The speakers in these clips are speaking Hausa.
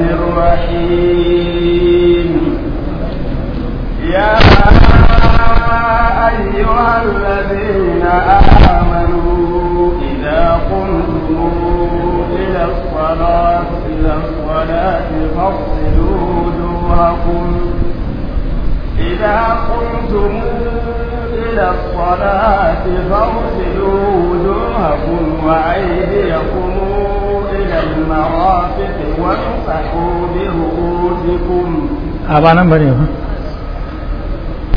الرحيم يا أيها الذين آمنوا إذا قمتم إلى الصلاة إلى الصلاة فاغسلوا وجوهكم إذا قمتم إلى الصلاة فاغسلوا وجوهكم وأيديكم المرافق وامسحوا برؤوسكم أبانا بني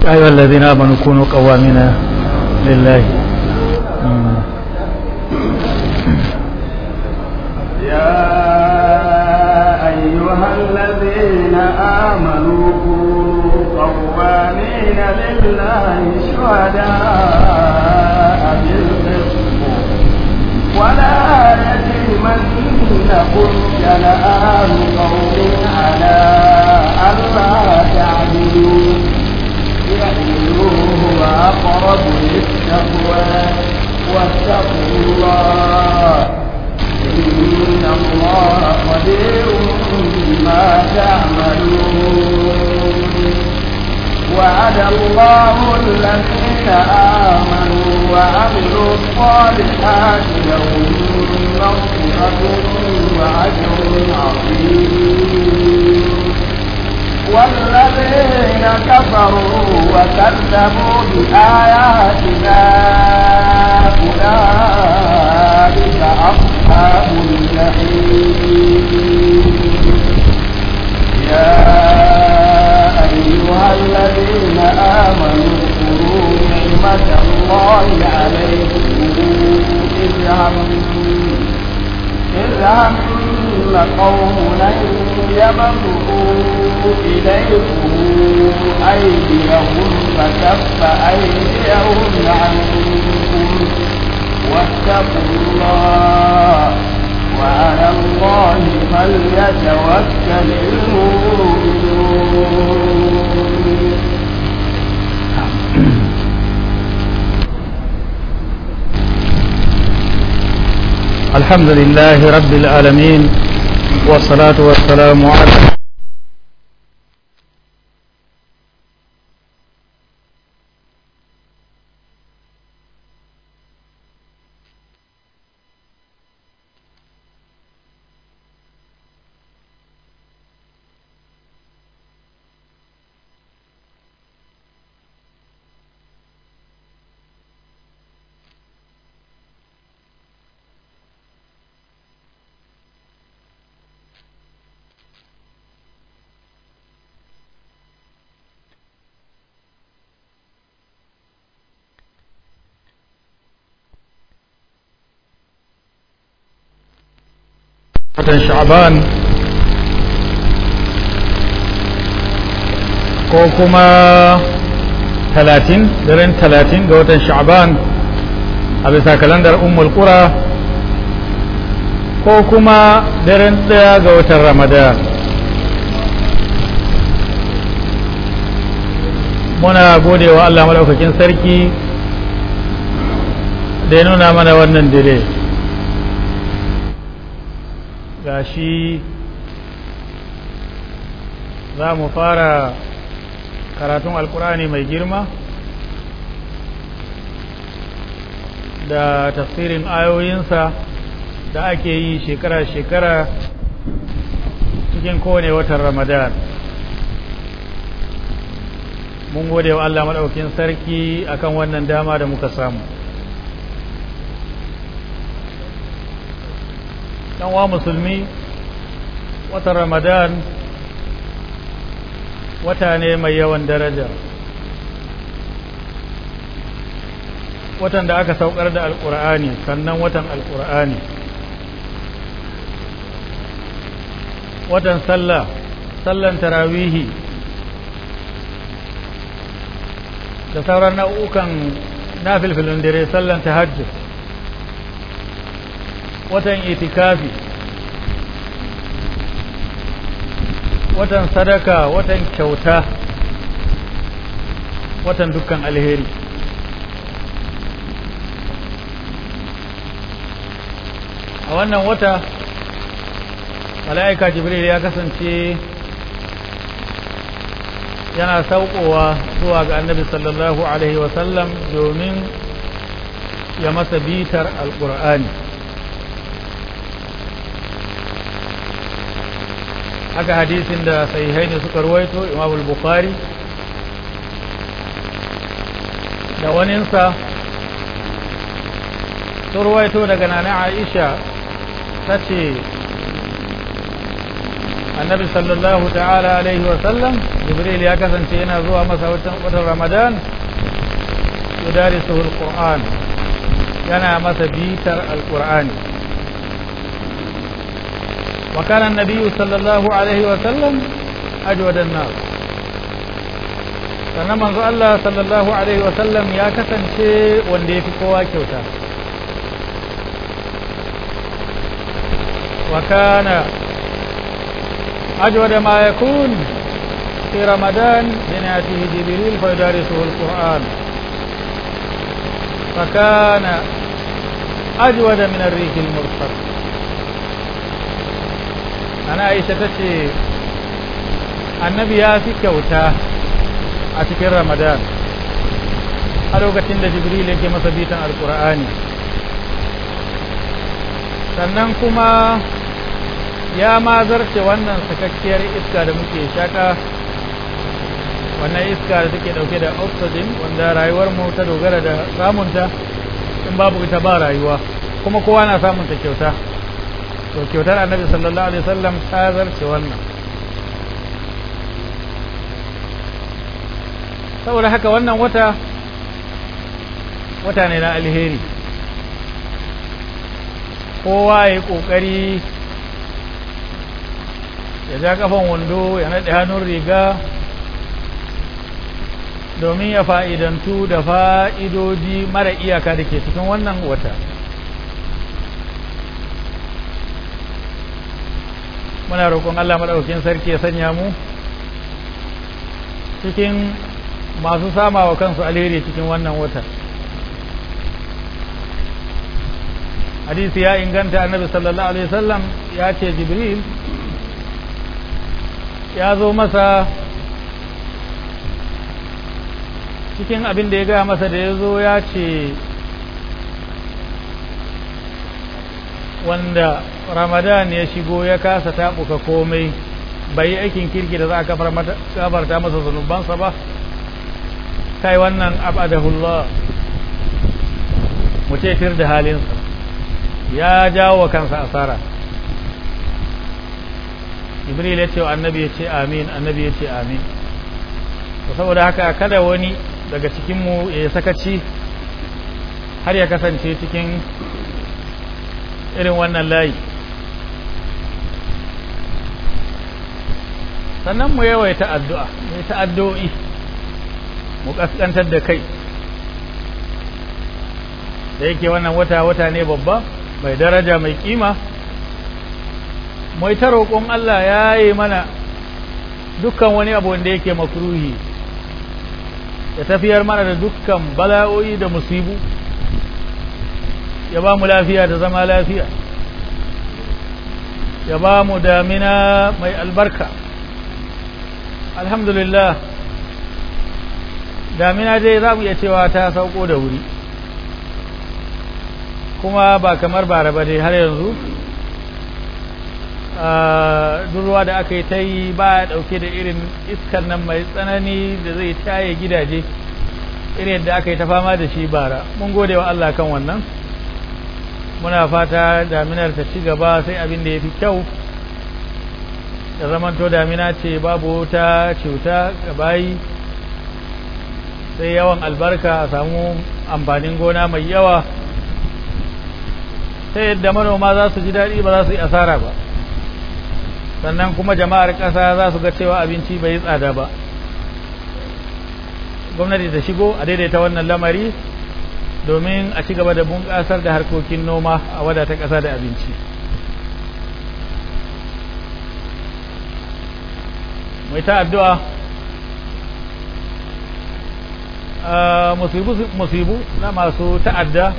أيها الذين آمنوا كونوا قوامين لله يا أيها الذين آمنوا كونوا قوامين لله شهداء بالقسط ولا يتيما إنكم جلآن قوم على ألا تعدلوا اعدلوا الله قدير ما تعملون وعد الله الذين آمنوا وعملوا الصالحات لهم مغفرة وأجر عظيم والذين كفروا وكذبوا بآياتنا أولئك أصحاب الجحيم الحمد لله رب العالمين والصلاة والسلام على sha'ban ko kuma talatin daren talatin ga watan sha'ban a bisa kalandar ummul kura ko kuma daren ɗaya ga watan ramadan muna gode wa allah maɗaukakin sarki da ya nuna mana wannan dire gashi za mu fara karatun alkurani mai girma da tafsirin ayoyinsa da ake yi shekara-shekara cikin kowane watan ramadan mun gode wa Allah maɗaukin sarki akan wannan dama da muka samu yan wa musulmi watan ramadan wata ne mai yawan daraja watan da aka saukar da alkur'ani sannan watan alkur'ani watan sallah sallan tarawihi da sauran nau'ukan na filfilin dare sallan tahajjud watan itikafi watan sadaka watan kyauta watan dukkan alheri a wannan wata mala'ika jibril ya kasance yana sauƙowa zuwa ga annabi sallallahu alaihi wasallam domin ya masa bitar alƙur'ani haka hadisin da sahihai ne suka ruwaito imam al-bukhari da waninsa sun ruwaito daga nana aisha ta ce annabi sallallahu ta'ala alaihi wasallam jibril ya kasance yana zuwa masa watan ramadan yudarisu al-qur'an yana masa bitar al-qur'ani وكان النبي صلى الله عليه وسلم أجود الناس فلما قال صلى الله عليه وسلم يا كسن شيء وندي في كواكوتا وكان أجود ما يكون في رمضان بناته جبريل فيدارسه القرآن فكان أجود من الريح المرسل ana aisha ta ce annabi ya fi kyauta a cikin ramadan a lokacin da jibril yake masa bitan alkur'ani sannan kuma ya mazarce wannan sakakkiyar iska da muke shaka wannan iska da take dauke da oxygen wanda rayuwar mu ta dogara da samunta in babu ita ba rayuwa kuma kowa na samunta kyauta to kyautar annabi sallallahu alaihi wasallam ta zarce wannan saboda haka wannan wata wata ne na alheri kowa ya kokari ya ja kafan wando ya naɗe hannun riga domin ya fa'idantu da fa'idodi mara iyaka da ke cikin wannan wata muna roƙon Allah maɗaukin sarki ya sanya mu cikin masu sama wa kansu alheri cikin wannan wata hadisi ya inganta annabi sallallahu alaihi wasallam ya ce jibril ya zo masa cikin abin da ya gaya masa da ya zo ya ce wanda ramadan ya shigo ya kasa taɓuka komai bai yi aikin kirki da za a kafarta masa zunubansa ba kai wannan abadahullah mu ce fir da halinsa ya jawo wa kansa asara jibril ya ce wa annabi ya ce amin annabi ya ce amin saboda haka kada wani daga cikinmu ya sakaci har ya kasance cikin irin wannan layi sannan mu yawai addu'a mai ta'addo'i mu kaskantar da kai da yake wannan wata-wata ne babba mai daraja mai kima mai ta roƙon Allah ya yi mana dukkan wani abu wanda yake makruhi ya tafiyar mana da dukkan bala'o'i da musibu ya ba mu lafiya da zama lafiya ya ba mu damina mai albarka alhamdulillah damina dai za mu iya cewa ta sauko da wuri kuma ba kamar bara ba dai har yanzu ah, ruwa da aka yi ta yi ba ya dauke da irin iskar nan mai tsanani da zai taye gidaje irin da aka yi ta fama da shi bara mun gode wa Allah kan wannan muna fata daminar ta ci gaba sai abin da ya fi kyau da zamanto damina ce babu ta cuta ga bayi sai yawan albarka a samu amfanin gona mai yawa ta yadda manoma za su ji daɗi ba za su yi asara ba sannan kuma jama'ar ƙasa za su ga cewa abinci bai tsada ba gwamnati ta shigo a daidaita wannan lamari domin a ci gaba da bunƙasar da harkokin noma a wadata ƙasa da abinci mai ta addu'a ah, musibu na masu ta'adda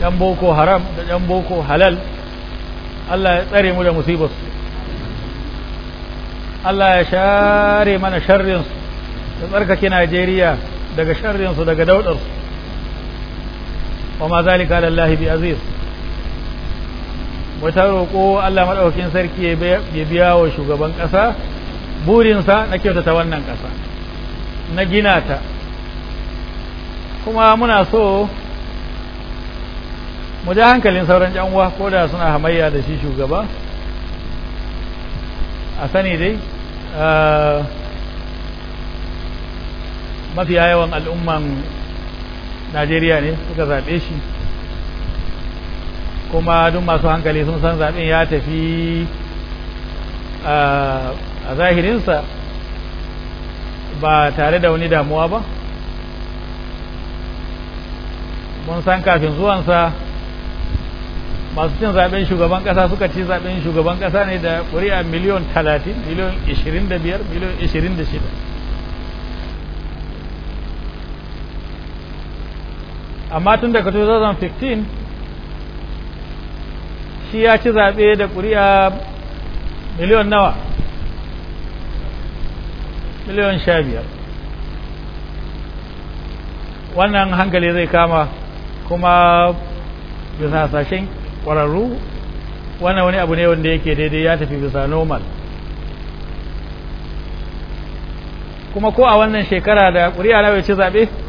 yan boko haram da yan boko halal Allah ya tsare mu da musibarsu Allah ya share mana sharrinsu da tsarkake Najeriya daga sharrinsu daga daudarsu wa ma zalika lallahi bi aziz wata roƙo Allah maɗaukin sarki ya biya wa shugaban ƙasa burinsa na kyautata wannan ƙasa na gina ta kuma muna so mu ji hankalin sauran uwa ko da suna hamayya da shi shugaba a sani dai ah, mafiya yawan al'umman najeriya ne suka zaɓe shi kuma duk masu hankali sun san zaɓen ya tafi a zahirinsa ba tare da wani damuwa ba mun san kafin zuwansa masu cin zaben shugaban ƙasa suka ci zaɓen shugaban ƙasa ne da ƙuri'a miliyon 30 miliyon 25 miliyon 26 amma tun daga 2015 shi ya ci zaɓe da ƙuri'a miliyon nawa miliyon sha biyar wannan hankali zai kama kuma bisa sashen ƙwararru wannan wani abu ne wanda yake daidai ya tafi bisa normal kuma ko a wannan shekara da ƙuri'a na ya ci zaɓe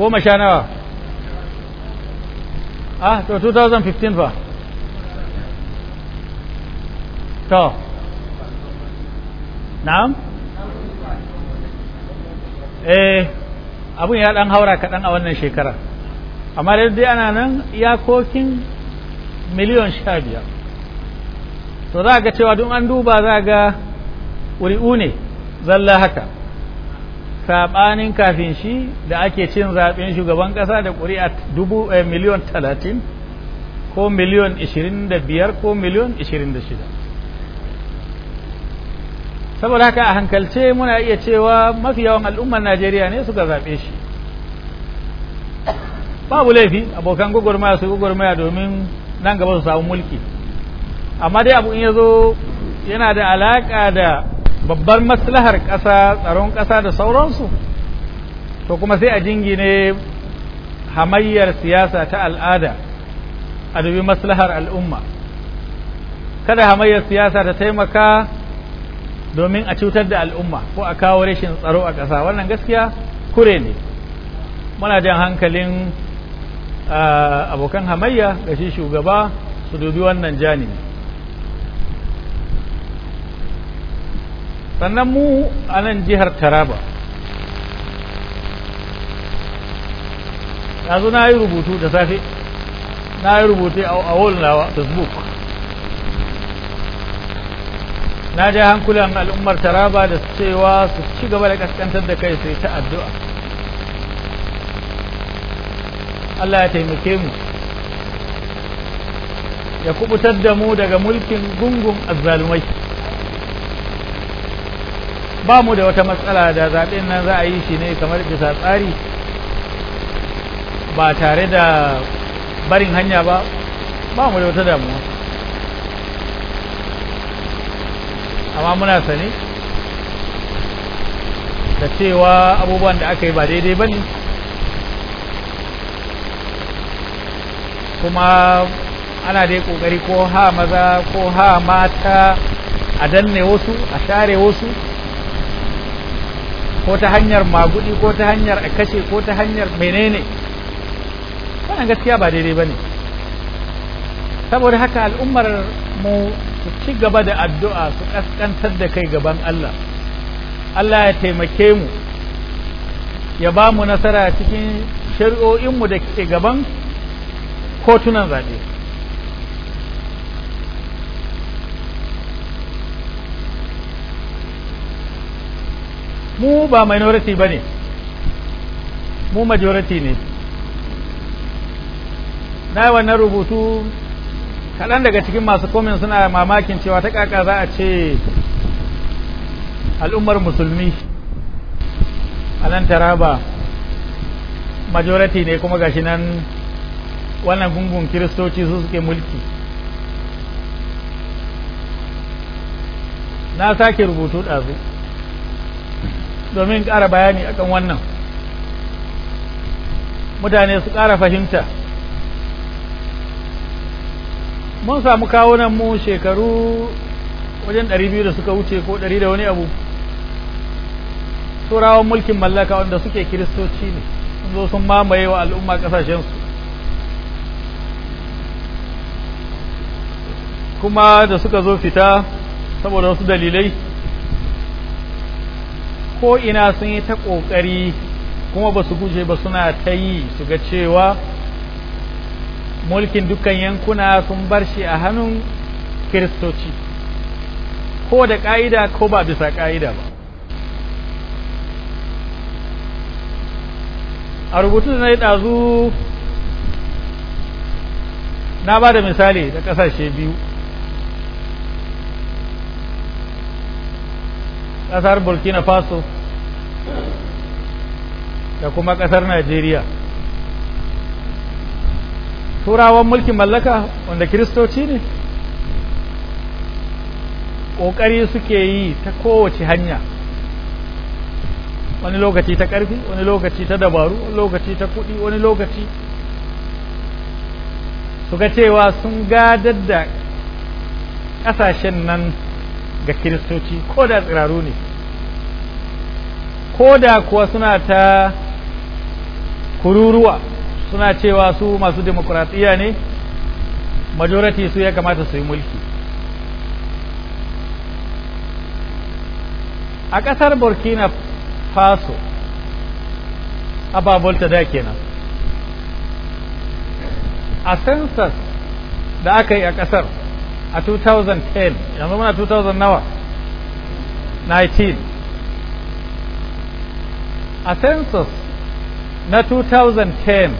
goma sha nawa ah to 2015 fa to na'am eh abun ya dan haura kaɗan a wannan shekara amma dai ana nan iyakokin miliyon sha biyar to za ga cewa duk an duba za ga ƙuri'u ne zalla haka saɓanin kafin shi da ake cin zaɓen shugaban ƙasa da ƙuri'a eh, miliyon talatin ko miliyon ishirin da biyar ko miliyon ishirin da shida saboda haka a hankalce muna iya cewa mafi yawan al'ummar najeriya ne suka zaɓe shi babu laifi abokan gwagwarmaya su gwagwarmaya domin nan gaba su samu mulki amma dai abu in yazo yana da alaƙa da babbar maslahar ƙasa tsaron ƙasa da sauransu to kuma sai a jingine hamayyar siyasa ta al'ada a dubi maslahar al'umma kada hamayyar siyasa ta taimaka domin a cutar da al'umma ko a kawo rashin tsaro a ƙasa wannan gaskiya kure ne muna jan hankalin ah, abokan hamayya ga shi shugaba su dubi wannan janibi sannan mu a nan jihar taraba yanzu na yi rubutu da safe na yi rubutu a wallnawa facebook na ja hankulan al'ummar taraba da cewa su ci gaba da kaskantar da kai sai ta addu'a Allah ya taimake mu ya kubutar da mu daga mulkin gungun azzalumai ba mu da wata matsala da zaɓen nan za a yi shi ne kamar bisa tsari ba tare da barin hanya ba ba mu da wata damuwa amma muna sane da cewa abubuwan da aka yi ba daidai ba ne kuma ana dai ƙoƙari ko ha maza ko ha mata a danne wasu a share wasu ko ta hanyar magudi ko ta hanyar a kashe ko ta hanyar menene wannan gaskiya ba daidai ba ne saboda haka al'ummar mu su ci gaba da addu'a su ƙasƙantar da kai gaban Allah Allah ya taimake mu ya ba mu nasara cikin shari'o'inmu da ke gaban kotunan zaɓe mu ba minority ba ne mu majority ne na yi wannan rubutu kaɗan daga cikin masu komin suna mamakin cewa ta ƙaƙa za a ce al'ummar musulmi a nan taraba majority ne kuma gashi nan wannan gungun kiristoci su suke mulki na sake rubutu ɗazu domin ƙara bayani akan wannan mutane su ƙara fahimta mun samu kawunan mu shekaru wajen biyu da suka wuce ko ɗari da wani abu turawan mulkin mallaka wanda suke kiristoci ne sun zo sun mamaye wa al'umma kasashensu kuma da suka zo fita saboda wasu dalilai ko ina sun yi ta ƙoƙari kuma ba su guje ba suna ta yi su ga cewa mulkin dukkan yankuna sun bar shi a hannun kiristoci ko da ƙa'ida ko ba bisa ƙa'ida ba a rubutu na yi ɗazu na ba da misali da ƙasashe biyu ƙasar burkina faso da kuma ƙasar najeriya turawan mulkin mallaka wanda kiristoci ne ƙoƙari suke yi ta kowace hanya wani lokaci ta ƙarfi wani lokaci ta dabaru wani lokaci ta kuɗi wani lokaci su ga cewa sun gadar da ƙasashen nan ga kiristoci ko da tsiraru ne ko da kuwa suna ta kururuwa suna cewa su masu demokuraɗiyya ne majority su ya kamata su yi mulki a ƙasar burkina faso ababolta da kenan a census da aka yi a ƙasar a 2010 yanzu muna 2000 nawa 19 a census na 2010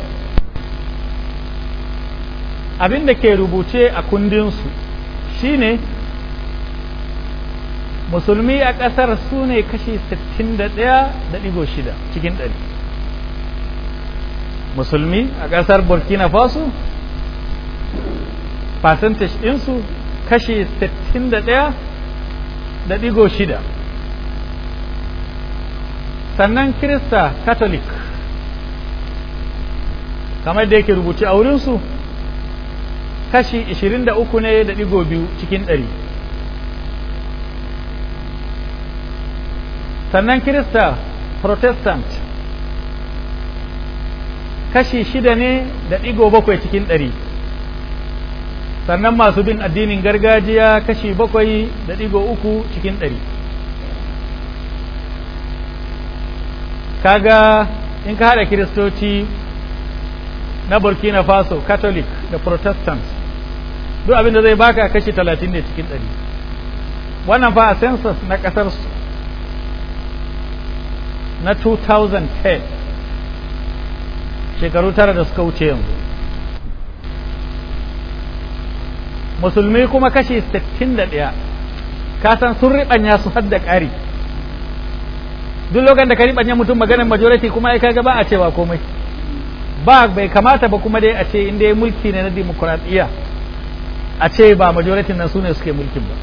abinda ke rubuce a kundinsu shine musulmi a ƙasar su ne kashi 61.6 cikin 100 musulmi a ƙasar burkina faso percentage ɗinsu kashi sittin da ɗigo shida sannan kirista catholic kamar da yake rubuce a wurinsu kashi 23 ne da digo biyu cikin ɗari sannan kirista protestant kashi shida ne da digo bakwai cikin ɗari sannan masu bin addinin gargajiya kashi bakwai da ɗigo uku cikin ɗari kaga in ka haɗa kiristoci na burkina faso catholic da protestant duk abin da zai baka kashi talatin ne cikin ɗari wannan fa a census na ƙasar su na 2010 shekaru tara da suka wuce yanzu musulmi kuma kashi 61 ka san sun riɓanya su hadda ƙari duk lokacin da ka riɓanya mutum maganar majority kuma ai kaga ba a cewa komai ba bai kamata ba kuma dai a ce inda ya mulki ne na demokuraɗiyya a ce ba majority nan su ne suke mulkin ba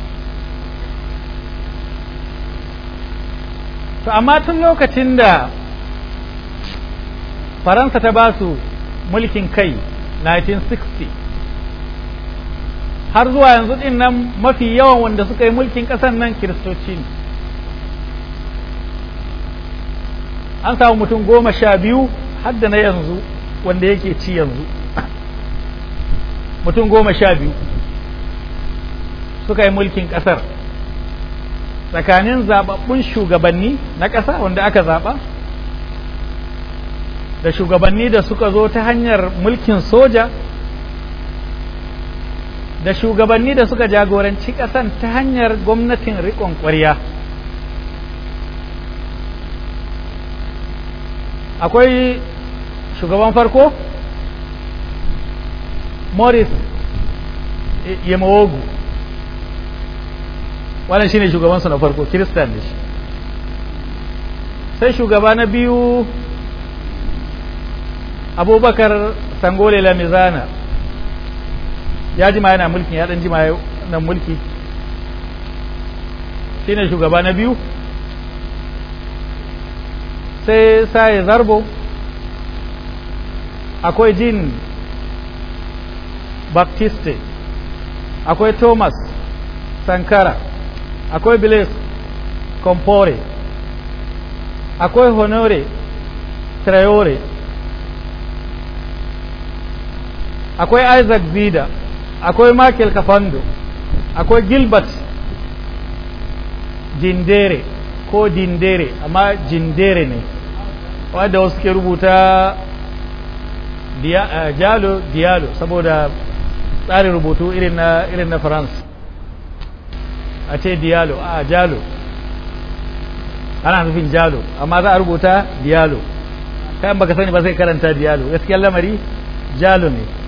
to amma tun lokacin da faransa ta ba su mulkin kai 1960 har zuwa yanzu din nan mafi yawan wanda suka yi mulkin ƙasar nan kiristoci ne an samu mutum goma sha biyu hadda na yanzu wanda yake ci yanzu mutum goma sha biyu suka yi mulkin ƙasar tsakanin zababbun shugabanni na ƙasa wanda aka zaɓa da shugabanni da suka zo ta hanyar mulkin soja da shugabanni da suka jagoranci ƙasan ta hanyar gwamnatin riƙon ƙwarya akwai shugaban farko morris yamawogu wannan shine shugabansu na farko kiristan da sai shugaba na biyu abubakar sangole lamizana ya jima yana mulki ya dan jima nan mulki shine shugaba na biyu sai sai zarbo akwai jin baptiste akwai thomas sankara akwai blaise compore akwai honore traore akwai isaac zida akwai michael kafando akwai gilbert jindere ko dindere amma jindere ne wadda wasu ke rubuta jalo eh, dialo saboda tsarin rubutu irin na france a ce dialo a jalo ana nufin jalo amma za a rubuta dialo kayan baka sani ba sai karanta dialo gaskiyar lamari jalo ne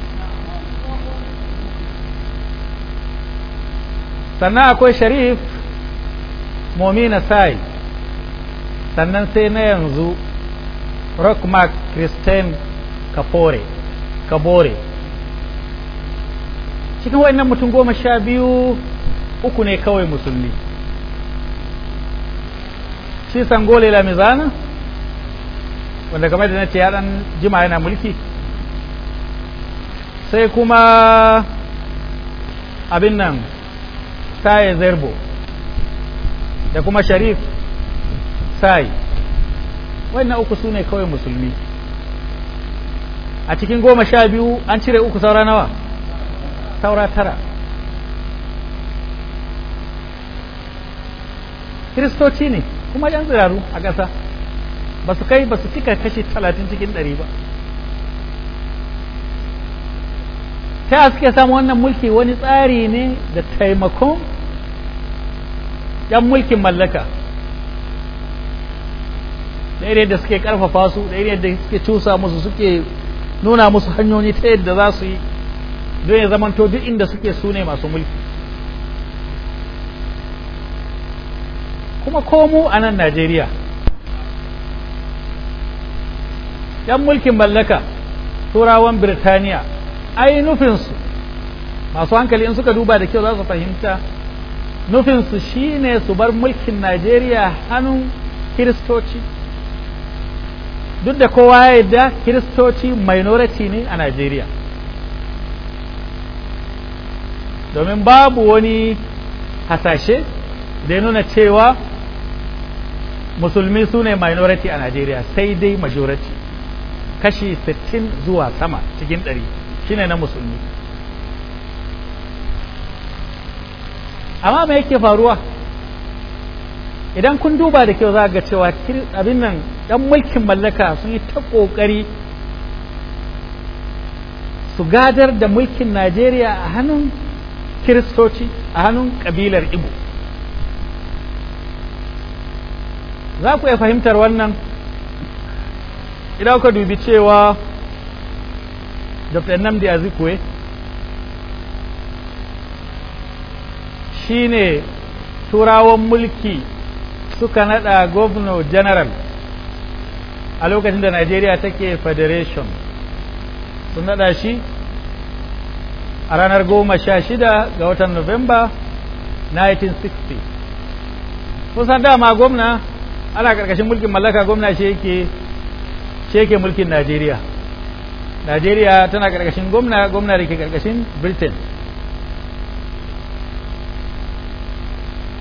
sannan akwai sharif momina sai sannan sai na yanzu rockmark christian kapore kabore cikin wannan mutum goma sha biyu uku ne kawai musulmi shi sangole lamizana wanda kamar da na ce ya jima yana mulki sai kuma abin nan saye zerbo da kuma sharif sai wannan uku su ne kawai musulmi a cikin goma sha biyu an cire uku saura nawa saura tara kiristoci ne kuma yan ziraru a ƙasa ba su kai ba su cika kashi talatin cikin ɗari ba ta suke samu wannan mulki wani tsari ne da taimakon yan mulkin mallaka ɗaya da suke ƙarfafa su ɗaya da suke cusa musu suke nuna musu hanyoyi ta yadda za su yi don ya zamanto duk inda suke su ne masu mulki kuma komu a nan najeriya yan mulkin mallaka turawan birtaniya ai nufinsu masu hankali in suka duba da kyau za su fahimta nufinsu shine su bar mulkin najeriya hannun kiristoci duk da kowa ya da kiristoci minority ne a najeriya domin babu wani hasashe da ya nuna cewa musulmi su ne minority a najeriya sai dai majority kashi 60 zuwa sama cikin 100 shine na musulmi amma me yake faruwa idan kun duba da kyau za ga cewa abin nan ɗan mulkin mallaka sun yi ta ƙoƙari su gadar da mulkin najeriya a hannun kiristoci a hannun kabilar igbo za ku iya fahimtar wannan idan ka dubi cewa dr nnamdi azikwe shine turawan mulki suka nada governor general a lokacin da nigeria take federation sun nada shi a ranar goma sha shida ga watan november 1960 kusan dama gwamna ana karkashin mulkin mallaka gwamna shi yake mulkin najeriya najeriya tana karkashin gwamna gwamna da ke karkashin britain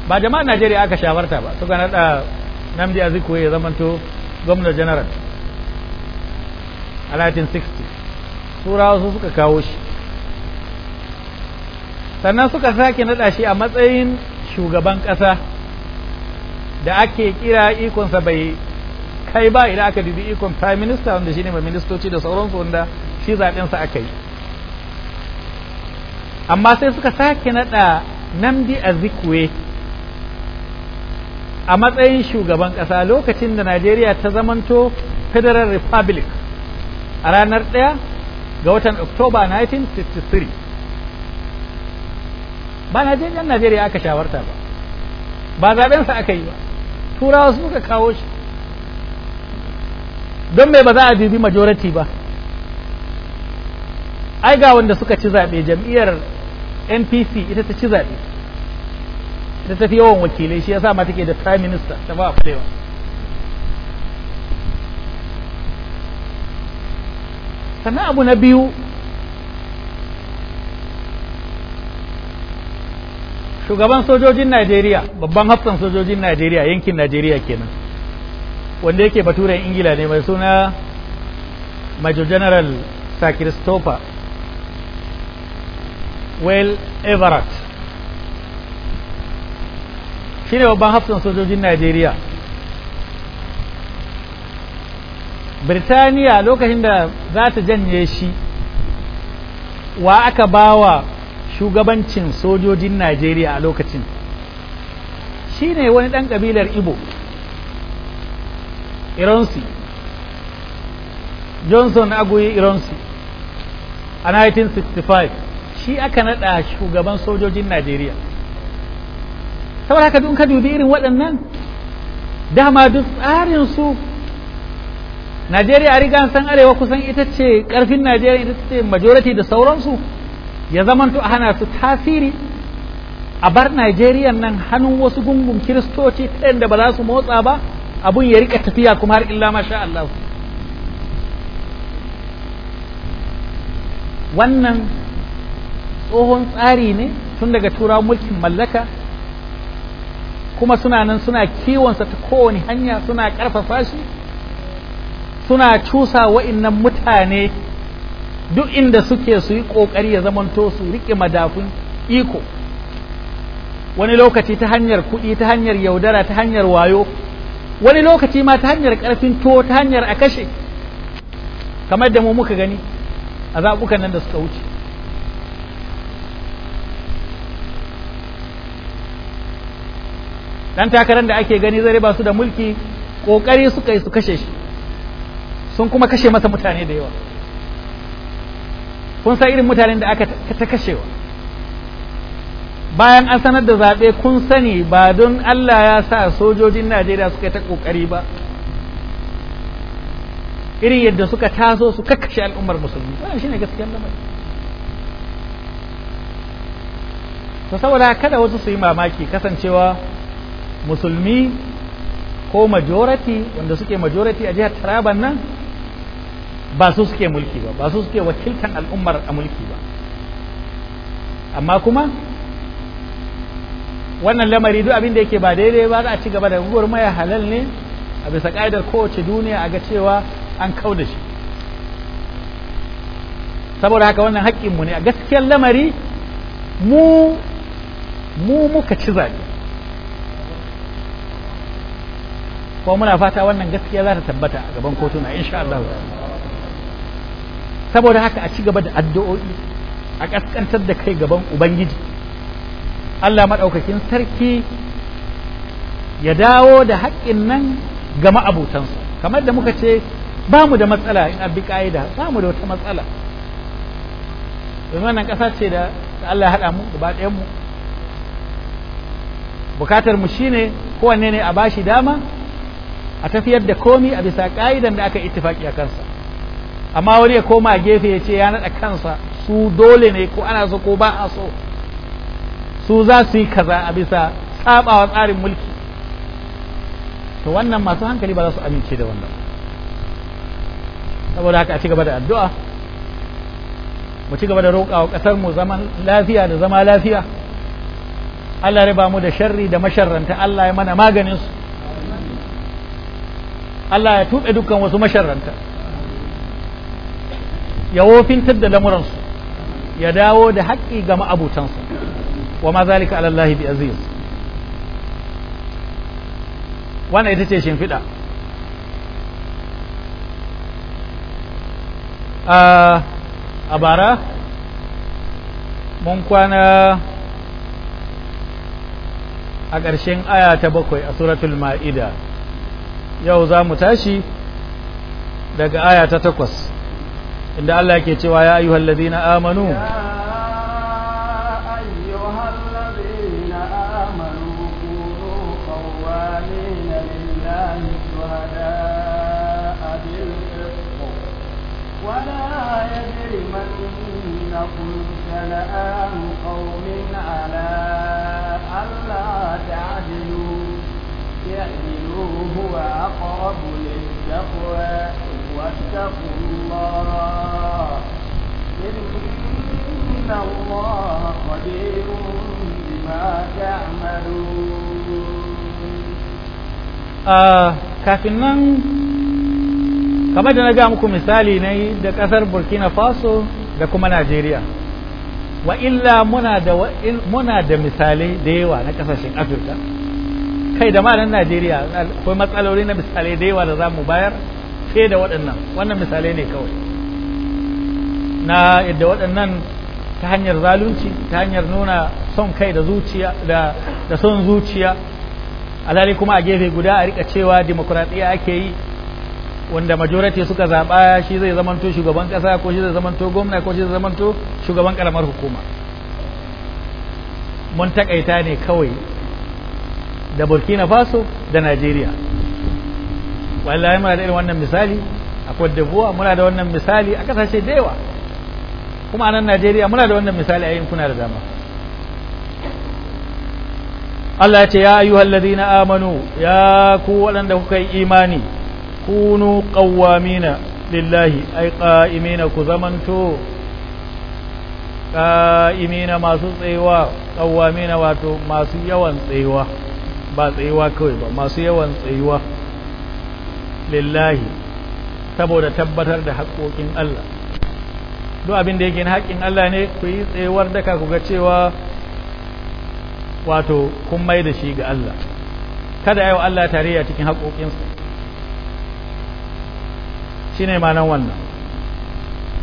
ba jama'an najeriya aka shawarta ba suka naɗa namdi azikwe ya zamanto gwamna general a 1960 turawa su suka kawo shi sannan suka sake naɗa shi a matsayin shugaban ƙasa da ake kira ikonsa bai kai ba ina aka didi ikon prime minister wanda shine mai ministoci da sauransu wanda shi zaben sa aka yi amma sai suka sake nada Namdi Azikwe a matsayin shugaban kasa lokacin da Najeriya ta zamanto Federal Republic a ranar 1 ga watan October 1963 ba Najeriya Najeriya aka shawarta ba ba zaben sa aka yi ba turawa suka kawo shi don mai ba za a dubi majority ba ai ga wanda suka ci zaɓe jam'iyyar npc ita ta ci zaɓe ita ta fi yawan wakilai shi ya ma take da prime minister ta ba a fulewa sannan abu na biyu shugaban sojojin najeriya babban hafsan sojojin najeriya yankin najeriya kenan wanda yake baturen ingila ne mai suna major general sir christopher well everett shi ne babban hafsan sojojin najeriya birtaniya lokacin da za ta janye shi wa aka ba wa shugabancin sojojin najeriya a lokacin shi ne wani ɗan ƙabilar Igbo. ironsi Johnson agoyi ironsi a 1965 shi aka naɗa shugaban sojojin Najeriya saboda haka duk ka dubi irin waɗannan dama duk tsarin su Najeriya a riga san arewa kusan ita ce ƙarfin Najeriya ita ce majority da sauransu ya zamanto a hana su tasiri a bar Najeriya nan hannun wasu gungun kiristoci ta yadda ba za su motsa ba abun ya rika tafiya kuma har illa masha Allah wannan tsohon tsari ne tun daga tura mulkin mallaka kuma suna nan suna kiwonsa ta kowane hanya suna ƙarfafa shi suna cusa wa'innan mutane duk inda suke su yi ƙoƙari ya zamanto su riƙe madafun iko wani lokaci ta hanyar kuɗi ta hanyar yaudara ta hanyar wayo wani lokaci ma ta hanyar karfin tuwo ta hanyar a kashe kamar da mu muka gani a zaɓukan nan da suka wuce ɗan takarar da ake gani zai ba su da mulki ƙoƙari suka yi su kashe shi sun kuma kashe masa mutane da yawa kun sa irin mutanen da aka ta kashewa bayan an sanar da zaɓe kun sani ba don Allah ya sa sojojin Najeriya suka yi ta ƙoƙari ba irin yadda suka taso su kakkashe al'ummar musulmi wannan shine gaskiyar lamari to saboda kada wasu su yi mamaki kasancewa musulmi ko majority wanda suke majority a jihar Taraban nan ba su suke mulki ba ba su suke wakiltan al'ummar a mulki ba amma kuma wannan lamari duk abin da yake ba daidai ba za a ci gaba da gwagwarmaya halal ne a bisa ka'idar kowace duniya a ga cewa an kau da shi saboda haka wannan haƙƙinmu ne a gaskiyar lamari mu mu muka ci zaɓe ko muna fata wannan gaskiya za ta tabbata a gaban kotuna insha Allah saboda haka a ci gaba da addu'o'i a ƙasƙantar da kai gaban ubangiji Allah maɗaukakin sarki ya dawo da haƙƙin nan ga ma'abutansa kamar da muka ce ba mu da matsala in abin ƙa'ida ba mu da wata matsala domin wannan ƙasa ce da Allah ya haɗa mu gaba ɗayanmu bukatar mu shine kowanne ne a bashi dama a tafiyar da komi a bisa ƙa'idan da aka ittifaki a kansa amma wani ya koma gefe ya ce ya naɗa kansa su dole ne ko ana so ko ba a so su za su yi kaza a bisa tsabawa tsarin mulki to wannan masu hankali ba za su amince da wannan saboda haka a cigaba da addu'a mu cigaba da roƙawa ƙasar mu zaman lafiya da zama lafiya Allah riba mu da sharri da masharranta Allah ya mana maganin su Allah ya tuɓe dukkan wasu masharranta ya wofintar da lamuransu ya dawo da haƙƙi ga ma'abutansa wa ma zalika ala Allah bi aziz wannan ita ce shimfiɗa a bara mun kwana a ƙarshen aya ta bakwai a suratul ma'ida yau za mu tashi daga aya ta takwas inda Allah ke cewa ya na amanu لله شهداء بالقسط ولا يجرمنكم شنآن قوم على ألا تعدلوا اعدلوا هو أقرب للتقوى واتقوا الله إن الله قدير بما تعملون kafin nan kamar da na ga muku misali ne da kasar burkina faso da kuma najeriya wa illa muna da misali da yawa na kasashen afirka kai da malan najeriya akwai matsaloli na misalai da yawa da za mu bayar fiye da waɗannan wannan misalai ne kawai na yadda waɗannan ta hanyar zalunci ta hanyar nuna son kai da zuciya da son zuciya alhali kuma a gefe guda a rika cewa demokuraɗiyya ake yi wanda majority suka zaɓa shi zai zamanto shugaban ƙasa ko shi zai zamanto gwamna ko shi zai zamanto shugaban ƙaramar hukuma mun takaita ne kawai da burkina faso da najeriya wallahi muna da irin wannan misali a cote d'ivoire muna da wannan misali a ƙasashe da yawa kuma a nan najeriya muna da wannan misali a kuna da dama Allah ya ce ya ayyuhal na amanu ya ku waɗanda kuka yi imani kunu qawwamina lillahi ay qa'imina ku zamanto qa'imina masu tsayuwa qawwamina wato masu yawan tsayuwa ba tsayuwa kawai ba masu yawan tsayuwa lillahi saboda tabbatar da haƙoƙin Allah duk abin da yake na haƙƙin Allah ne ku yi tsayuwar daka ku ga cewa wato kun mai da shi ga Allah kada yau Allah tarayya cikin haƙoƙinsa shine ma'anar wannan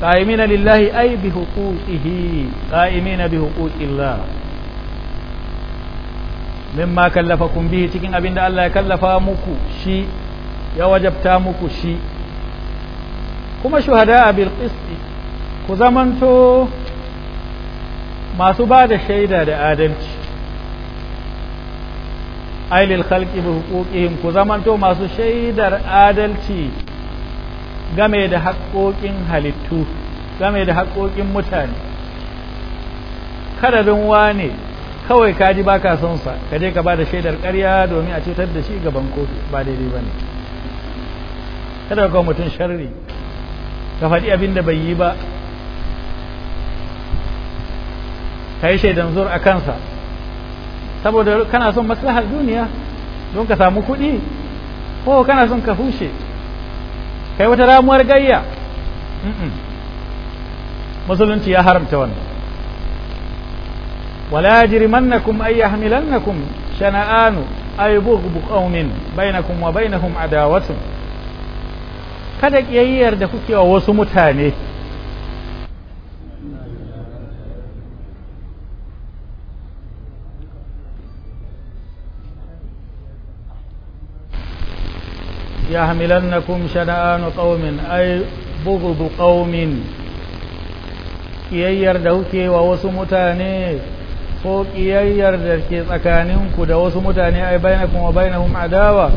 قائمين لله أي بحقوقه قائمين بحقوق الله مما كلفكم به تكين أبين الله كلفا مكو شي يوجبتا مكو شي كما شهداء بالقسط كزمنتو ما سباد الشيدة دا adalci. ailil khalqi bi huquqihim ku zamanto masu shaidar adalci game da haƙoƙin halittu game da haƙoƙin mutane kada don wane kawai ka ji baka son sa ka je ka bada shaidar ƙarya domin a cutar da shi gaban kofi ba daidai bane kada ka mutum sharri ka faɗi abin da bai yi ba ka yi shaidan zur a kansa saboda kana son maslahar duniya don ka samu kuɗi ko kana son ka hushe kai wata ramuwar gayya musulunci ya haramta wannan ولا shana'anu أن يحملنكم شنآن أي بغض قوم بينكم وبينهم عداوة kada ƙiyayyar da kuke wa wasu mutane يحملنكم شنآن قوم أي بغض قوم ƙiyayyar da kuke wa wasu mutane ko ƙiyayyar da ke tsakaninku da wasu mutane ai bainakum wa bainahum adawa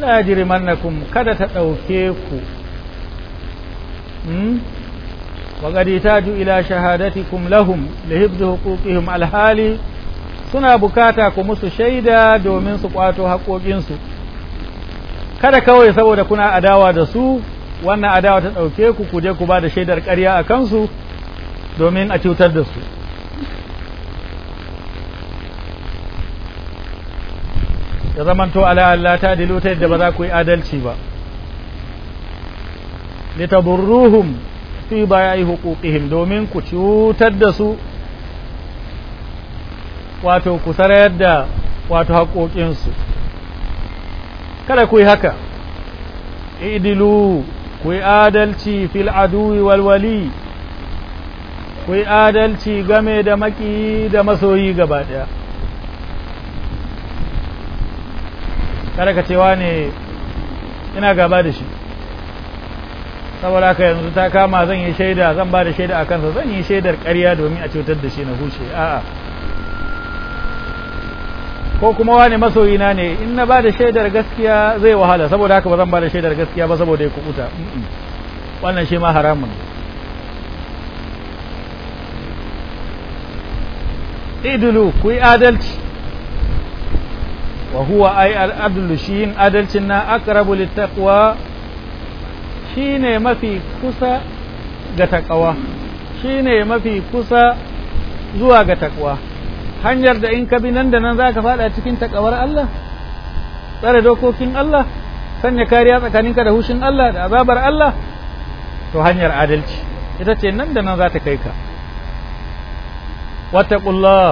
la yajrimannakum kada ta ɗauke ku wa qad itaju ila kum lahum li hifdhi huquqihim alhali suna bukata ku musu shaida domin su kwato haƙoƙinsu kada kawai saboda kuna adawa da su wannan adawa ta ɗauke ku ku je ku ba da shaidar ƙarya a kansu domin a cutar da su ya zamanto ala Allah ta dilo ta yadda ba za ku yi adalci ba litaburruhum fi baya'i huquqihim domin ku cutar da su wato ku sarayar da wato haƙoƙinsu kada ku yi haka idilu ku yi adalci fil aduwi walwali ku yi adalci game da maki da masoyi gaba ɗaya kada ka cewa ne ina gaba da shi saboda haka yanzu ta kama zan yi shaida zan ba da shaida a kansa zan yi shaidar karya domin a cutar da shi na huce a'a ko kuma wani masoyina ne in na ba da shaidar gaskiya zai wahala saboda haka ba zan ba da shaidar gaskiya ba saboda ya kubuta wannan shi ma haramun idulu ku yi adalci wa huwa ai al'adulu shi yin adalcin na akarabu littakwa shi ne mafi kusa ga taƙawa shi ne mafi kusa zuwa ga takawa hanyar da in ka bi nan da nan za ka faɗa cikin takawar Allah tsare dokokin Allah sanya kariya tsakaninka da hushin Allah da azabar Allah to hanyar adalci ita ce nan da nan za ta kai ka wattaqullah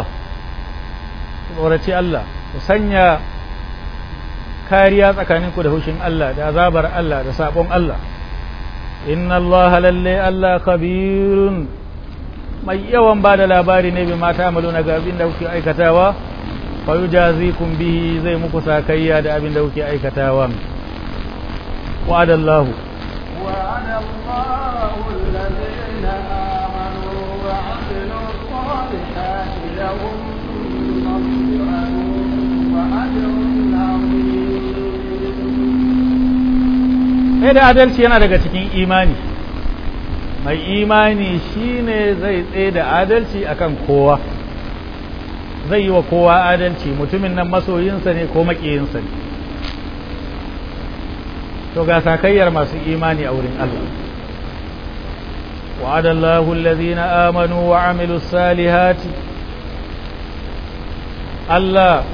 tsoraci Allah ku sanya kariya tsakaninku da hushin Allah da azabar Allah da sabon Allah inna Allah lalle Allah kabirun mai yawan ba da labari ne bi mata amalu na ga abin da kuke aikatawa fa yujazikum bihi zai muku sakayya da abin da kuke aikatawa wa adallahu wa adallahu alladhina amanu wa 'amilu salihati lahum sai da adalci yana daga cikin imani mai imani shine zai tsaye da adalci akan kowa zai yi wa kowa adalci mutumin nan masoyinsa ne ko makiyinsa ne to ga sakayyar masu imani a wurin Allah wa'ada Allahu na amanu wa amilus salihati Allah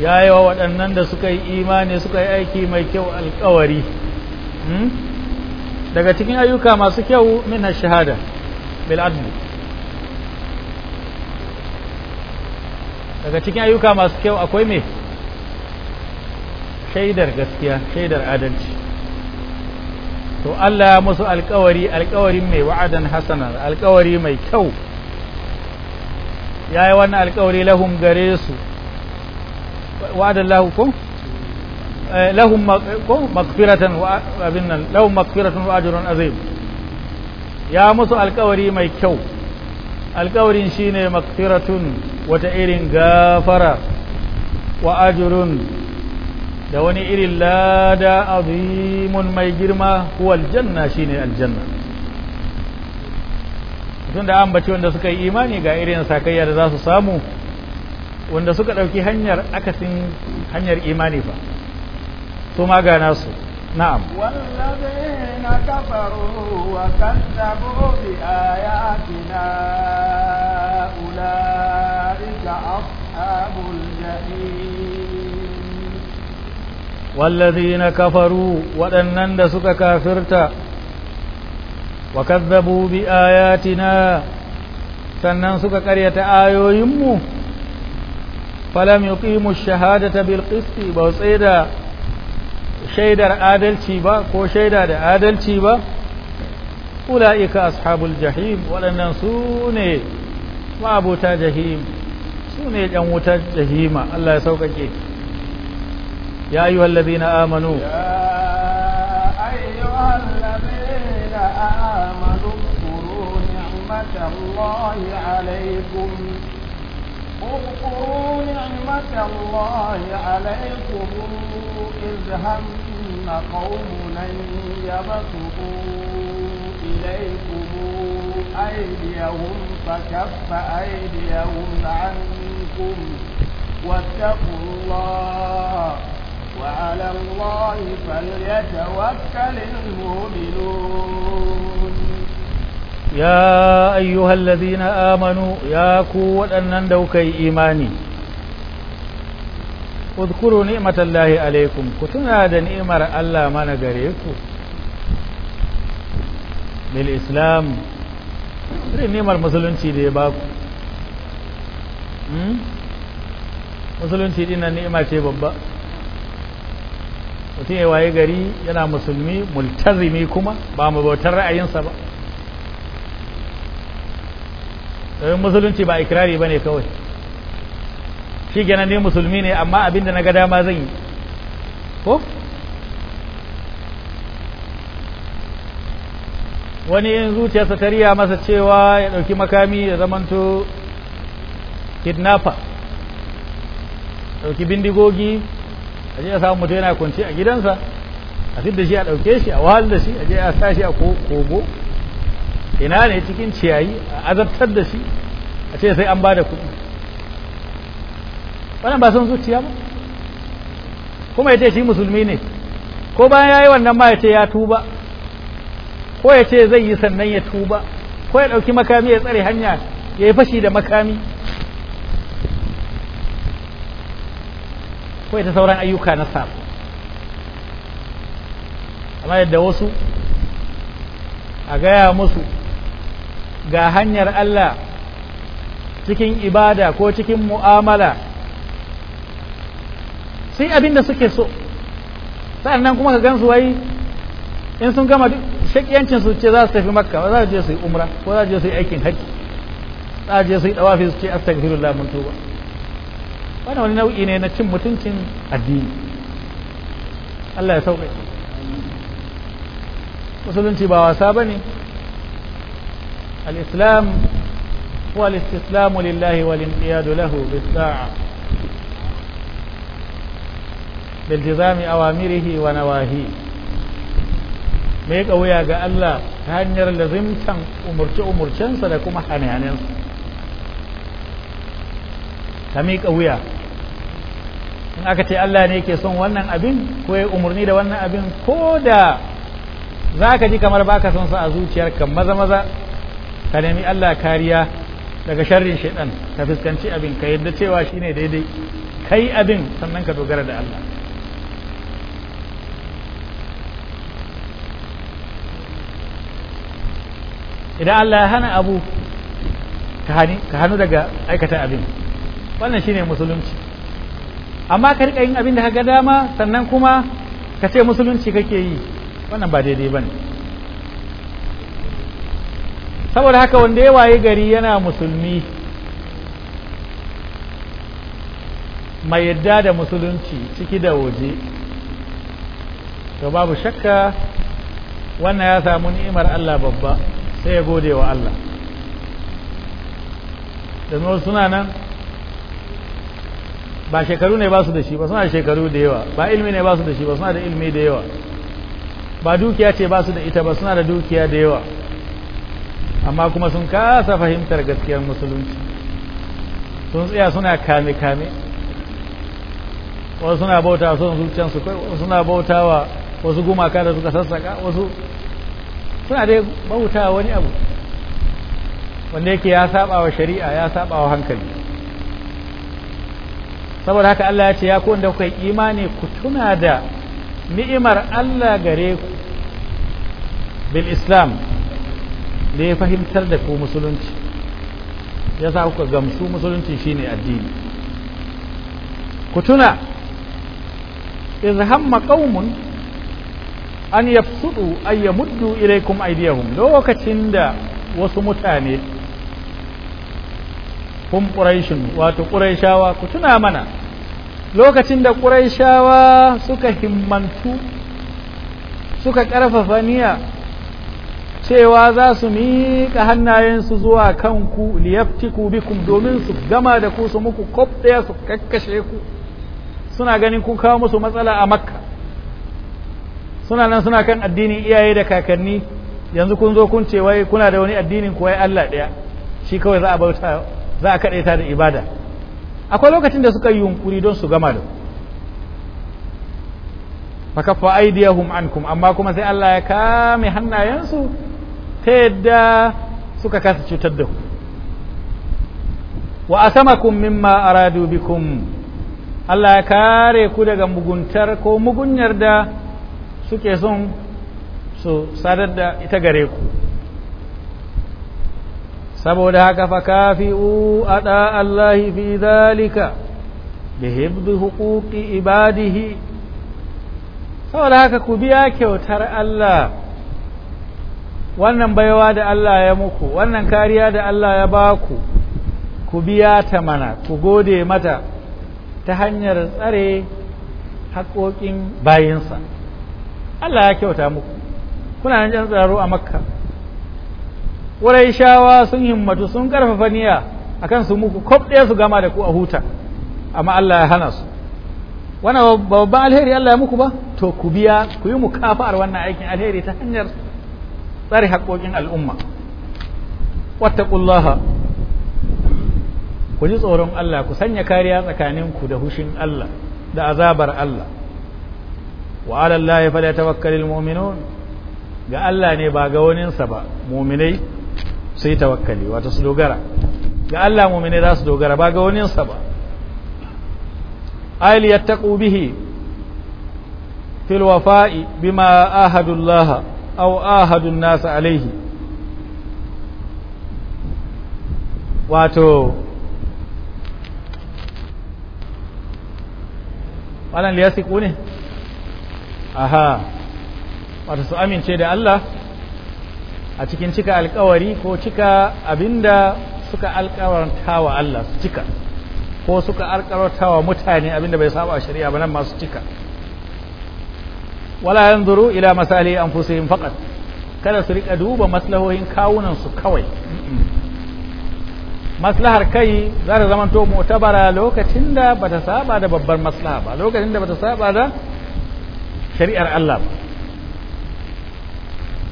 ya yi wa waɗannan da suka yi imani suka yi aiki mai kyau alkawari hmm? daga cikin ayyuka masu kyau min shahada bil adl daga cikin ayyuka masu kyau akwai me shaidar gaskiya shaidar adalci to Allah ya musu alkawari alkawarin mai wa'adan hasana alkawari mai kyau ya yi wannan alkawari lahum gare su wa'adan lahu ko lahum magfiratan wa abin nan lahum magfiratun wa azim ya musu alkawari mai kyau alkawarin shine magfiratun wata irin gafara wa da wani irin lada azimun mai girma huwa aljanna shine aljanna tun da an bace wanda suka yi imani ga irin sakayya da za su samu wanda suka ɗauki hanyar akasin hanyar imani fa to ma ga nasu na'am wallazina kafaru wa kazzabu bi ayatina ulaika ashabul jahim wallazina kafaru waɗannan da suka kafirta wa kazzabu bi ayatina sannan suka karyata ayoyinmu falam yuqimu ash-shahadata bil qisti ba tsaida shaidar adalci ba ko shaida da adalci ba ula'ika ashabul jahim waɗannan su ne ma'abuta jahim su ne ɗan wutar jahima Allah ya sauƙaƙe ya yi wallabi na amanu ya اذكروا نعمة الله واذكروا نعمة الله عليكم إذ هم قوم أن يبسطوا إليكم أيديهم فكف أيديهم عنكم واتقوا الله وعلى الله فليتوكل المؤمنون يا أيها الذين آمنوا يا قوة أنن دوكي إيماني اذكروا نعمة الله عليكم كتنا هذا نعمة الله ما نقريكم بالإسلام نعمة المسلمين دي باكم musulunci din nan ni'ima ce babba mutum ya waye gari yana musulmi multazimi kuma ba mu bautar ra'ayinsa ba domin eh, musulunci ba ikirari ba ne kawai shi gina ne musulmi ne amma abinda na ga dama zan yi ko wani in zuciyarsa ta masa cewa ya ɗauki makami ya zamanto kidnapper ɗauki bindigogi a je a samu mutu yana kunci a gidansa a da shi a ɗauke shi a wahal da shi a je a sa shi a kogo ina ne cikin ciyayi a azabtar da shi a ce sai an ba da kuɗi wannan ba son zuciya ba kuma ya ce shi musulmi ne ko bayan ya yi wannan ma ya ce ya tuba ko ya ce zai yi sannan ya tuba ko ya ɗauki makami ya tsare hanya ya yi fashi da makami ko ya ta sauran ayyuka na sa amma yadda wasu a gaya musu ga hanyar Allah cikin ibada ko cikin mu'amala sai abin da suke so sa'annan kuma ka gansu wai in sun gama duk shakiyancin su ce za su tafi makka ba za su je su yi umra ko za su je su yi aikin hajji za su je su yi dawafi su ce astaghfirullah mun tuba wannan wani nau'i ne na cin mutuncin addini Allah ya sauƙaƙe musulunci ba wasa bane الإسلام هو الاستسلام لله والانقياد له بالساعة بالتزام أوامره ونواهيه mai ƙauya ga Allah ta hanyar lazimtan umurce-umurcensa da kuma hanyaninsa ta mai ƙauya in aka ce Allah ne ke son wannan abin ko ya umarni da wannan abin ko da za ka ji kamar baka ka son sa a zuciyarka maza-maza ka nemi Allah kariya daga sharrin shaidan ka fuskanci abin ka yadda cewa shine daidai kai abin sannan ka dogara da Allah idan Allah ya hana abu ka hannu daga aikata abin wannan shine musulunci amma ka riƙa abin da ka ga dama sannan kuma ka ce musulunci kake yi wannan ba daidai ba ne saboda haka wanda ya waye gari yana musulmi mai yadda da musulunci ciki da waje to babu shakka wannan ya samu ni'imar Allah babba sai ya gode wa Allah domin suna nan ba shekaru ne ba su da shi ba suna da shekaru da yawa ba ilmi ne ba su da shi ba suna da ilmi da yawa ba dukiya ce ba su da ita ba suna da dukiya da yawa amma kuma sun kasa fahimtar gaskiyar musulunci sun tsaya suna kame-kame wasu suna bauta son zuciyarsu wasu suna bauta wa wasu gumaka da suka sassaka wasu suna dai bauta wani abu wanda yake ya saba wa shari'a ya saba wa hankali saboda haka Allah ya ce ya ku wanda kuka yi imani ku tuna da ni'imar Allah gare ku bil islam da ya fahimtar da ku musulunci ya sa kuka gamsu musulunci shine addini ku tuna izhamma qaumun an yafsudu ay yamuddu ilaykum aydiyahum lokacin da wasu mutane kum quraishin wato quraishawa ku tuna mana lokacin da quraishawa suka himmantu suka karfafa niyya cewa za su miƙa hannayensu zuwa kanku liyaftiku bikum domin su gama da ku su muku kwaf ɗaya su kakkashe ku suna ganin kun kawo musu matsala a makka suna nan suna kan addinin iyaye da kakanni yanzu kun zo kun ce kuna da wani addinin kuwa Allah ɗaya shi kawai za a bauta za a kaɗaita da ibada akwai lokacin da suka yi yunkuri don su gama da ku fakaffa aidiyahum ankum amma kuma sai Allah ya kame hannayensu ta yadda suka kasa cutar da ku wa asamakum mimma aradu bikum Allah ya kare ku daga muguntar ko mugunyar da suke son su sadar da ita gare ku saboda haka fa kafi'u ada Allah fi zalika bi hibdi huquqi ibadihi saboda haka ku biya kyautar Allah wannan baiwa da Allah ya muku wannan kariya da Allah ya ba ku ku biya ta mana ku gode mata ta hanyar tsare haƙoƙin bayinsa Allah ya kyauta muku kuna nan jan tsaro a makka wurai shawa sun himmatu sun ƙarfafa niyya akan su muku kop ɗaya su gama da ku a huta amma Allah ya hana su wannan babban alheri Allah ya muku ba to ku biya ku yi mukafa'ar wannan aikin alheri ta hanyar tsare haƙoƙin al'umma wattaqullaha ku ji tsoron Allah ku sanya kariya tsakaninku da hushin Allah da azabar Allah wa ya fada falyatawakkalul mu'minun ga Allah ne ba ga waninsa ba mu'minai sai tawakkali wata su dogara ga Allah mu'minai za su dogara ba ga waninsa ba ayl yattaqu bihi filwafa'i wafa'i bima ahadullaha aw ahadun nas alaihi wato wannan liyasiku ne aha wato su amince da Allah a cikin cika alkawari ko cika abinda suka alkawarta wa Allah su cika ko suka alkawarta wa mutane abinda bai saba shari'a ba nan masu cika wala yanzuru ila masali anfusihim faqat kada su rika duba maslahohin kawunan su kawai maslahar kai za ta zama to mu'tabara lokacin da ta saba da babbar maslaha ba lokacin da bata saba da shari'ar Allah ba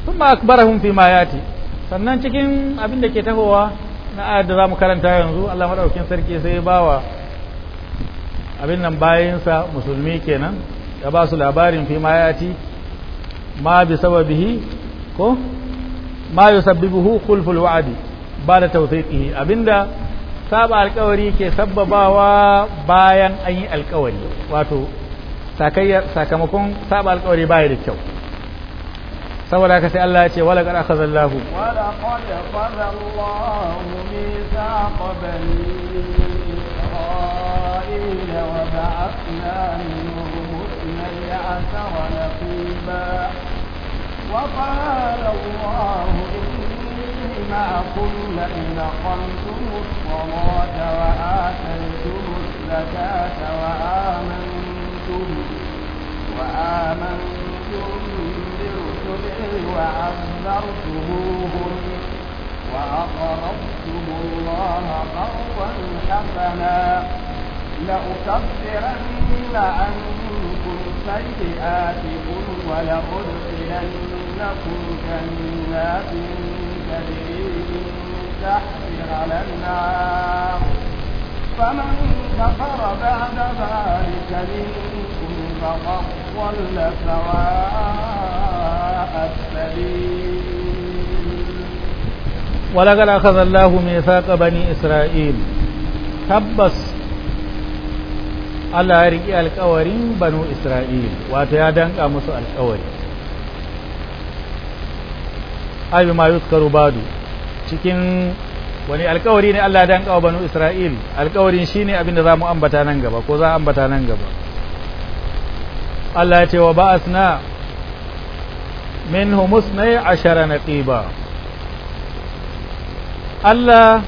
thumma akbarahum fi ma sannan cikin abin da ke tahowa na ayar da zamu karanta yanzu Allah madaukakin sarki sai bawa abin nan bayansa musulmi kenan ya ba su labarin fi ma ya yati ma bi sababihi ko ma yusabbibuhu khulful wa'di ba da tawfiqihi abinda saba alkawari ke sabbabawa bayan an yi alkawari wato sakamakon saba alkawari baya da kyau saboda ka sai Allah ya ce wala qad akhadha Allah wa laqad akhadha Allah mithaqa bani Israil wa ba'athna إن العثر نقيبا وقال الله إني معكم لئن أقمتم الصلاة وآتيتم الزكاة وآمنتم وآمنتم برسلي وعذرتموهن وأقرضتم الله قرضا حسنا لأكفرن عنكم السيئات قل ولأدخلنكم جنات تجري من تحتها الأنهار فمن كفر بعد ذلك منكم فقد ضل سواء السبيل ولقد أخذ الله ميثاق بني إسرائيل تبس Allah ya riƙi alƙawarin banu Isra'il wato ya danka musu alƙawari ma badu cikin wani alƙawari ne Allah ya danka wa banu Isra'il alƙawarin shine abin da mu ambata nan gaba ko za ambata nan gaba Allah ya ce wa ba'asna minhum 12 naqiba Allah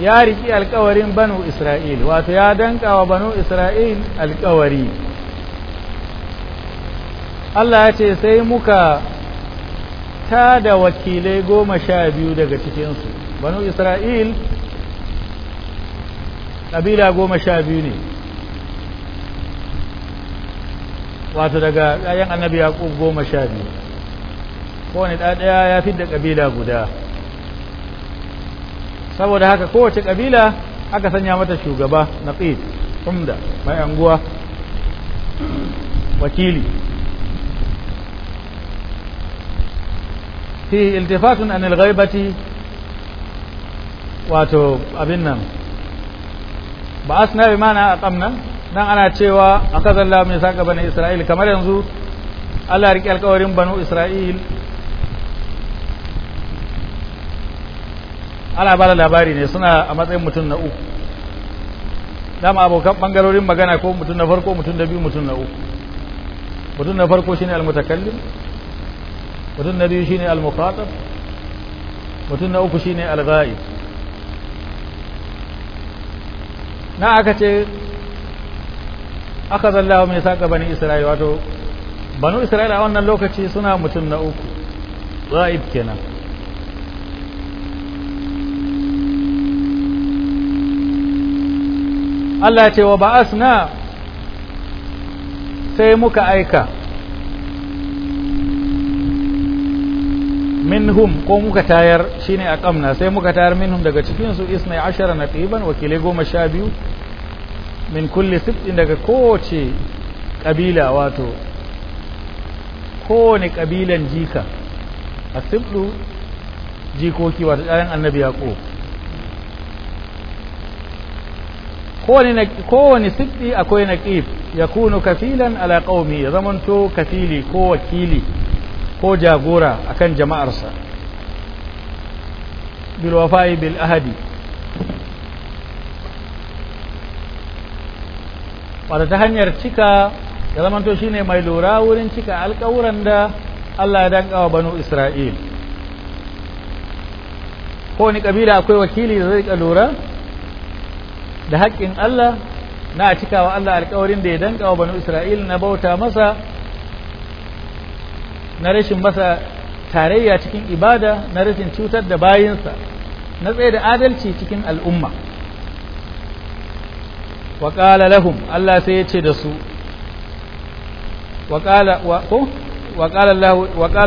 ya riki alkawarin banu isra'il wato ya danka wa banu isra'il alkawari Allah ya ce sai muka ta da wakilai goma sha biyu daga cikinsu banu isra'il ƙabila goma sha biyu ne wato daga 'ya'yan annabi yaƙub goma sha biyu kowane ɗaya ya fi da ƙabila guda saboda haka kowace kabila aka sanya mata shugaba na ƙid umda mai anguwa wakili fi iltifatun an al wato abin nan ba na bi mana a tsamna dan ana cewa akazalla mai saka bani isra'il kamar yanzu Allah ya rike alƙawarin banu isra'il ana ba da labari ne suna a matsayin mutum na uku dama abokan bangarorin magana ko mutum na farko mutum na biyu mutum na uku mutum na farko shine almutakallim mutum na biyu shine almukhatab mutum na uku shine alghaib na aka ce aka zallawa mai saka bani isra'ila wato banu isra'ila a wannan lokaci suna mutum na uku ghaib kenan Allah ce wa ba'asna sai muka aika minhum ko muka tayar shine a kamna sai muka tayar minhum daga cikinsu isnai ashara na ɗiban wakilai goma sha biyu min kulle sittin daga kowace ƙabila wato kowane ƙabilan jika a sibdu jikoki wato ɗayan annabi yaƙo kowane siddi akwai ya yakunu kafilan ala qaumi ya zamanto kafili ko wakili ko jagora akan jama'arsa bil wafa'i bil ahadi wadda ta hanyar cika ya zamanto shine mai lura wurin cika alƙawuran da Allah ya danka wa banu Isra'il ko ni kabila akwai wakili da zai ka lura da haƙƙin Allah na a cikawa Allah alƙawarin da ya danka wa banu Isra'il na bauta masa na rashin masa tarayya cikin ibada na rashin cutar da bayinsa na tsaye da adalci cikin al'umma wa ƙala lahum Allah sai ya ce da su wa ƙala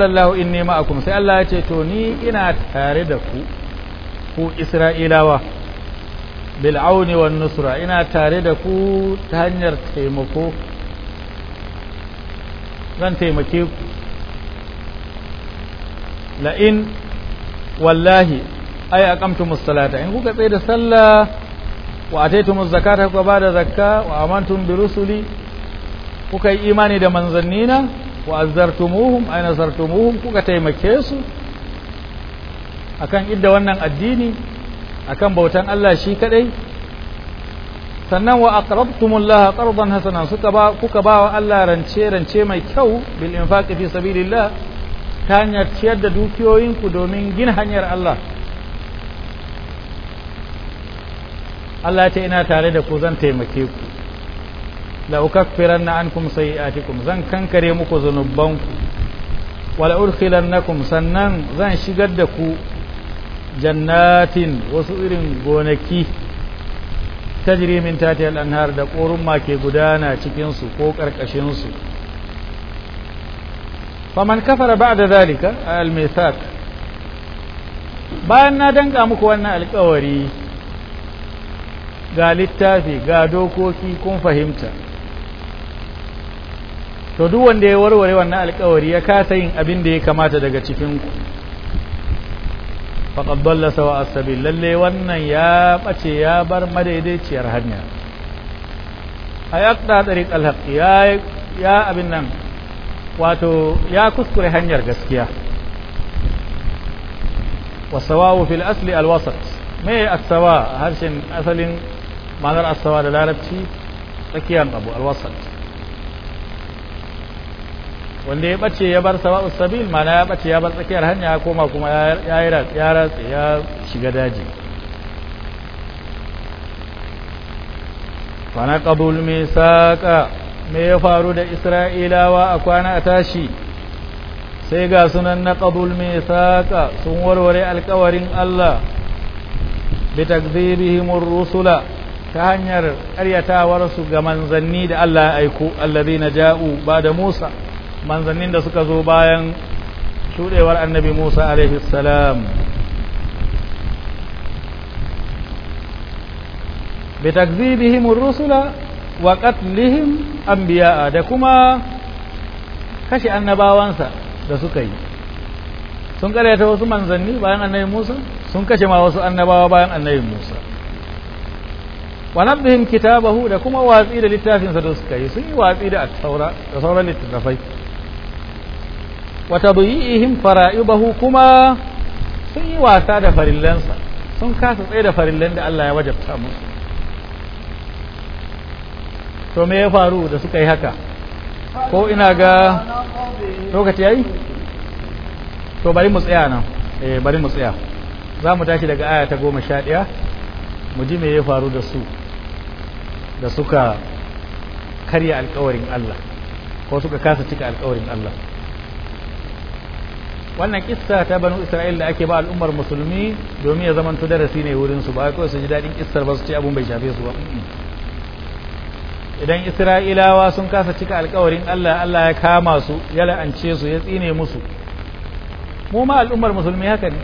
Allah in nema akum sai Allah ya ce to ni ina tare da ku ku Isra'ilawa bil'auni wa nusra ina tare da ku ta hanyar taimako zan taimake ku la'in wallahi ai aqamtumus salata in kuka tsaye da sallah wa ataitumuz zakata kuka bada zakka wa amantum bi rusuli kuka yi imani da manzannina wa azzartumuhum ay nasartumuhum kuka taimake su akan idda wannan addini akan bautan Allah shi kadai sannan wa aqrabtumullah qardan hasana suka ba kuka ba wa Allah rance rance mai kyau bil infaqi fi sabilillah ta hanyar ciyar da dukiyoyinku domin gina hanyar Allah Allah ta ina tare da ku zan taimake ku la ukaffiranna ankum sayi'atikum zan kankare muku zanubanku wala urkhilannakum sannan zan shigar da ku jannatin wasu irin gonaki ta min tati al-anhar da ma ke gudana cikin su ko karkashin su faman kafara ba'da zalika al-mithaq bayan na danga muku wannan alƙawari ga littafi ga dokoki kun fahimta to duk wanda ya warware wannan alƙawari ya kasa yin abin da ya kamata daga cikinku. faqad dalla sawa a sabil lalle wannan ya bace ya bar madaidaiciyar hanya ayaqta tariq al-haq ya ya abin nan wato ya kuskure hanyar gaskiya wasawawu fil asli al-wasat me as harshen asalin ma'anar asawa da larabci tsakiyar abu al wanda ya bace ya bar sawa'us sabil mana ya bace ya bar tsakiyar hanya ya koma kuma ya yi ya ratsa ya shiga daji fana me ya faru da isra'ilawa a kwana a tashi sai ga sunan na mai saƙa sun warware alkawarin Allah bi takdhibihim rusula ta hanyar ƙaryatawarsu ga manzanni da Allah ya aiko alladhina ja'u ba da Musa manzannin da suka zo bayan shudewar annabi Musa alaihi salam bi takzibihim rusula wa qatlihim anbiya'a da kuma kashe annabawansa da suka yi sun karyata wasu manzanni bayan annabi Musa sun kashe ma wasu annabawa bayan annabi Musa wa nabdihim kitabahu da kuma watsi da littafinsa da suka yi sun yi watsi da at-taura da sauran littafai. wa tadyi'ihim fara'ibahu kuma sun yi wasa da farillansa sun kasa tsaye da farillan da Allah ya wajabta musu to me ya faru da suka yi haka ko ina ga lokaci yayi to bari mu tsaya nan eh bari mu tsaya za mu tashi daga aya ta goma sha ɗaya mu ji me ya faru da su da suka karya alƙawarin Allah ko suka kasa cika alƙawarin Allah wannan kissa ta banu isra'il da ake ba al'ummar musulmi domin ya zama darasi ne wurin su ba kawai su ji daɗin kissar ba su ce abun bai shafe su ba idan isra'ilawa sun kasa cika alkawarin allah allah ya kama su ya la'ance su ya tsine musu mu ma al'ummar musulmi haka ne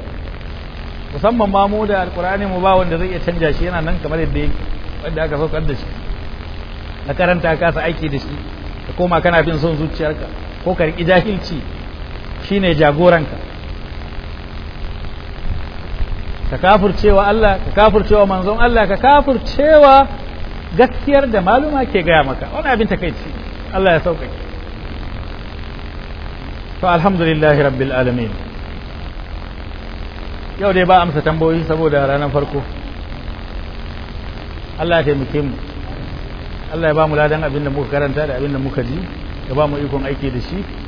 musamman ma mu da alkur'ani mu ba wanda zai iya canja shi yana nan kamar yadda yake wanda aka saukar da shi na karanta kasa aiki da shi ka koma kana bin son zuciyarka ko ka riƙi jahilci shine jagoranka ka kafurcewa Allah ka kafurcewa manzon Allah ka kafurcewa gaskiyar da maluma ke gaya maka wani abin takaici Allah ya sauƙaƙe to alhamdulillahi rabbil alamin yau dai ba amsa tambayoyi saboda ranar farko Allah ya taimake mu Allah ya ba mu ladan abin da muka karanta da abin da muka ji ya ba mu ikon aiki da shi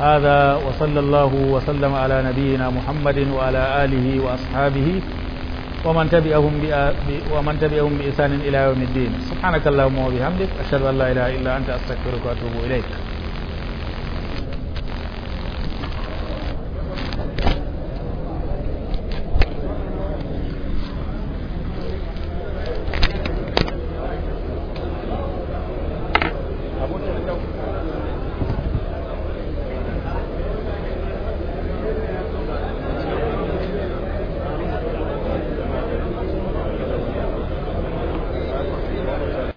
هذا وصلى الله وسلم على نبينا محمد وعلى آله وأصحابه ومن تبعهم ومن تبعهم بإحسان إلى يوم الدين سبحانك اللهم وبحمدك أشهد أن لا إله إلا أنت أستغفرك وأتوب إليك